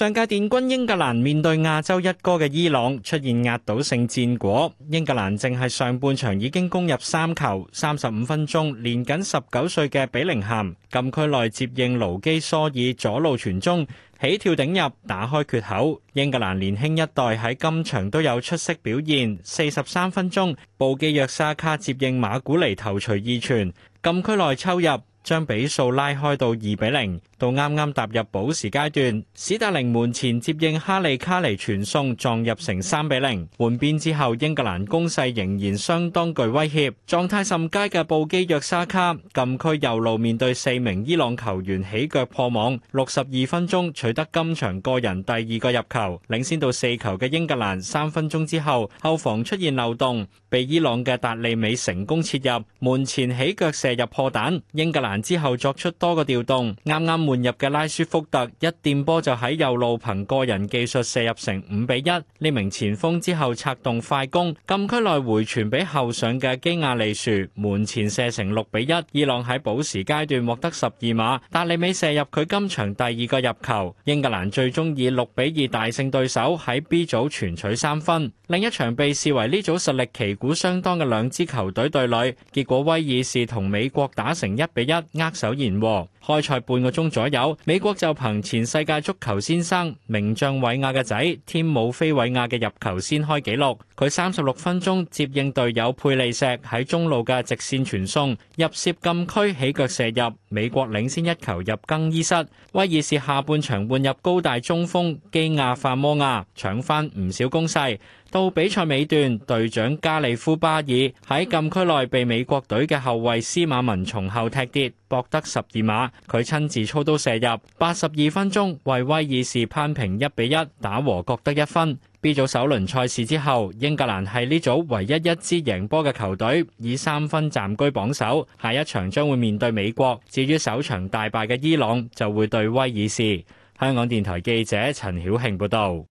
上屆殿軍英格蘭面對亞洲一哥嘅伊朗出現壓倒性戰果，英格蘭淨係上半場已經攻入三球。三十五分鐘，年僅十九歲嘅比寧咸禁區內接應勞基蘇爾左路傳中，起跳頂入打開缺口。英格蘭年輕一代喺今場都有出色表現。四十三分鐘，布基約沙卡接應馬古尼頭錘二傳禁區內抽入。將比數拉開到二比零，到啱啱踏入補時階段，史達寧門前接應哈利卡尼傳送，撞入成三比零。換邊之後，英格蘭攻勢仍然相當具威脅。狀態甚佳嘅布基約沙卡禁區右路面對四名伊朗球員起腳破網，六十二分鐘取得今場個人第二個入球，領先到四球嘅英格蘭。三分鐘之後，後防出現漏洞，被伊朗嘅達利美成功切入門前起腳射入破蛋，英格蘭。之後作出多個調動，啱啱換入嘅拉舒福特一墊波就喺右路憑個人技術射入成五比一。呢名前鋒之後策動快攻，禁區內回傳俾後上嘅基亞利殊，門前射成六比一。伊朗喺補時階段獲得十二碼，達里美射入佢今場第二個入球。英格蘭最終以六比二大勝對手，喺 B 組全取三分。另一場被視為呢組實力旗鼓相當嘅兩支球隊對壘，結果威爾士同美國打成一比一。握手言和。開賽半個鐘左右，美國就憑前世界足球先生名將韋亞嘅仔添姆菲韋亞嘅入球先開紀錄。佢三十六分鐘接應隊友佩利石喺中路嘅直線傳送，入涉禁區起腳射入，美國領先一球入更衣室。威爾士下半場換入高大中鋒基亞范摩亞，搶翻唔少攻勢。到比賽尾段，隊長加利夫巴爾喺禁區內被美國隊嘅後衛斯馬文從後踢跌，博得十二碼，佢親自操刀射入。八十二分鐘，為威爾士扳平一比一，打和各得一分。B 組首輪賽事之後，英格蘭係呢組唯一一支贏波嘅球隊，以三分暫居榜首。下一場將會面對美國。至於首場大敗嘅伊朗，就會對威爾士。香港電台記者陳曉慶報導。